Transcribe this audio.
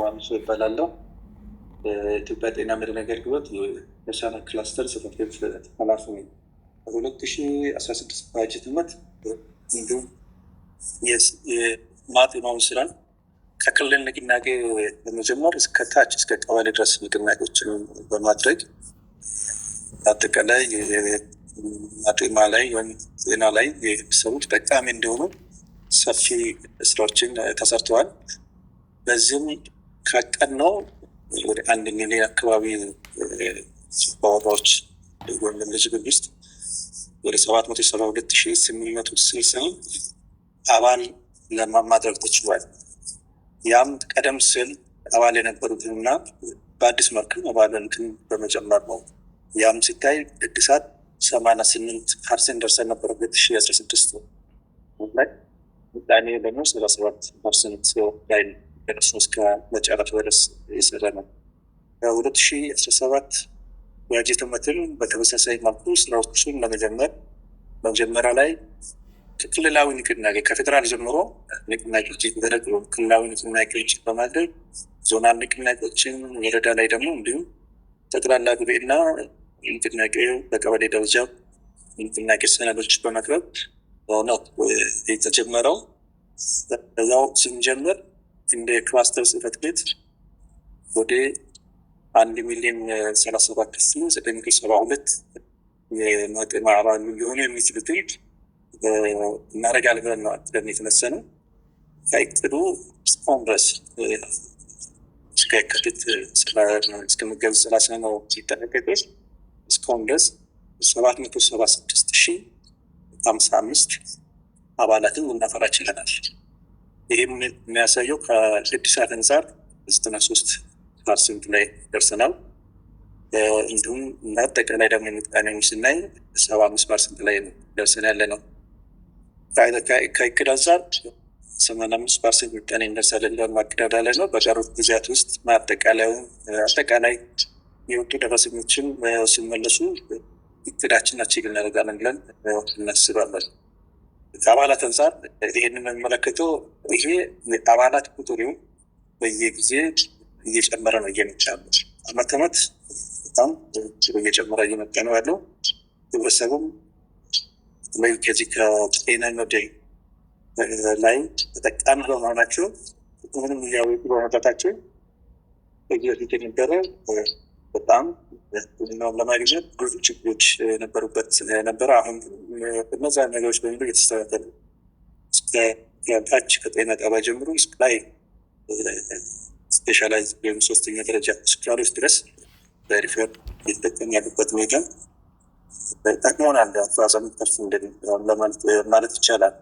ዋምሶ ይባላለው ኢትዮጵያ ጤና መድህን አገልግሎት የሆሳዕና ክላስተር ጽሕፈት ቤት ኃላፊ ነኝ። በሁለት ሺ አስራ ስድስት ባጀት ዓመት እንዲሁም የማጤማውን ስራን ከክልል ንቅናቄ በመጀመር እስከ ታች እስከ ቀበሌ ድረስ ንቅናቄዎችን በማድረግ አጠቃላይ አጤማ ላይ ወይም ጤና ላይ ሰዎች ጠቃሚ እንዲሆኑ ሰፊ ስራዎችን ተሰርተዋል። በዚህም ከቀን ነው ወደ አንድ ሚሊዮን አካባቢ ባወራዎች ወይም ዝግብ ውስጥ ወደ ሰባት መቶ ሰባ ሁለት ሺ ስምንት መቶ ስልሳ አባል ለማድረግ ተችሏል። ያም ቀደም ስል አባል የነበሩትንና በአዲስ መልክ አባልንትን በመጨመር ነው። ያም ሲታይ እድሳት ሰማንያ ስምንት ፐርሰንት ደርሰን ነበረ ሁለት ሺ አስራ ስድስት ላይ ምጣኔ ደግሞ ሰባ ሰባት ፐርሰንት ላይ ነው። ደርሶ እስከ መጨረሻ ድረስ የሰራ ነው። ሁለት ሺ አስራ ሰባት የአጀት መትን በተመሳሳይ መልኩ ስራዎችን ለመጀመር መጀመሪያ ላይ ክልላዊ ንቅናቄ ከፌዴራል ጀምሮ ንቅናቄዎች የተደረጉ ክልላዊ ንቅናቄዎች በማድረግ ዞናል ንቅናቄዎችን ወረዳ ላይ ደግሞ እንዲሁም ጠቅላላ ጉባኤና ንቅናቄ በቀበሌ ደረጃ ንቅናቄ ሰነዶች በመቅረብ ነው የተጀመረው። ከዛው ስንጀምር እንደ ክላስተር ጽህፈት ቤት ወደ አንድ ሚሊዮን ሰላሳ ሰባት ሺ ዘጠኝ መቶ ሰባ ሁለት የመጠን አባል ሊሆኑ የሚችሉትን እናደርጋለን ብለን ነው አቅደን የተነሰነው። ከእቅዱ እስካሁን ድረስ እስከ የካቲት እስከ ሰላሳ ነው ሲጠናቀቀው እስካሁን ድረስ ሰባት መቶ ሰባ ስድስት ሺ ሀምሳ አምስት አባላትን ልናፈራ ችለናል። ይህም የሚያሳየው ከእድሳት አንጻር ዘጠና ሶስት ፐርሰንት ላይ ደርሰናል። እንዲሁም አጠቃላይ ደግሞ የምጣኔውን ስናይ ሰባ አምስት ፐርሰንት ላይ ደርሰን ያለ ነው። ከእቅድ አንጻር ሰማንያ አምስት ፐርሰንት ምጣኔ እንደርሳለን ብለን ማቀዳዳለን ነው። በቀሩት ጊዜያት ውስጥ ማጠቃላዩ አጠቃላይ የወጡ ደረሰኞችን ስመለሱ እቅዳችን አችግል እናደርጋለን ብለን እናስባለን። ከአባላት አንጻር ይህንን የሚመለከተው ይሄ የአባላት ቁጥር በየጊዜ እየጨመረ ነው እየመጣ አመት አመት በጣም እየጨመረ እየመጣ ነው ያለው። ህብረተሰቡም ከዚህ ከጤና መደይ ላይ ተጠቃሚ በመሆናቸው ምንም እያወጡ በመውጣታቸው በየፊት የነበረ በጣም ለማግኘት ብዙ ችግሮች የነበሩበት ነበረ አሁን እነዛ ነገሮች በሙሉ እየተስተካከሉ ታች ከጤና ጣቢያ ጀምሮ ላይ ስፔሻላይዝ ወይም ሶስተኛ ደረጃ ሆስፒታሎች ድረስ በሪፌር እየተጠቀም ያሉበት ሁኔታ ጠቅሞናል። አስራ ስምንት ፐርሰንት ለማለት ይቻላል።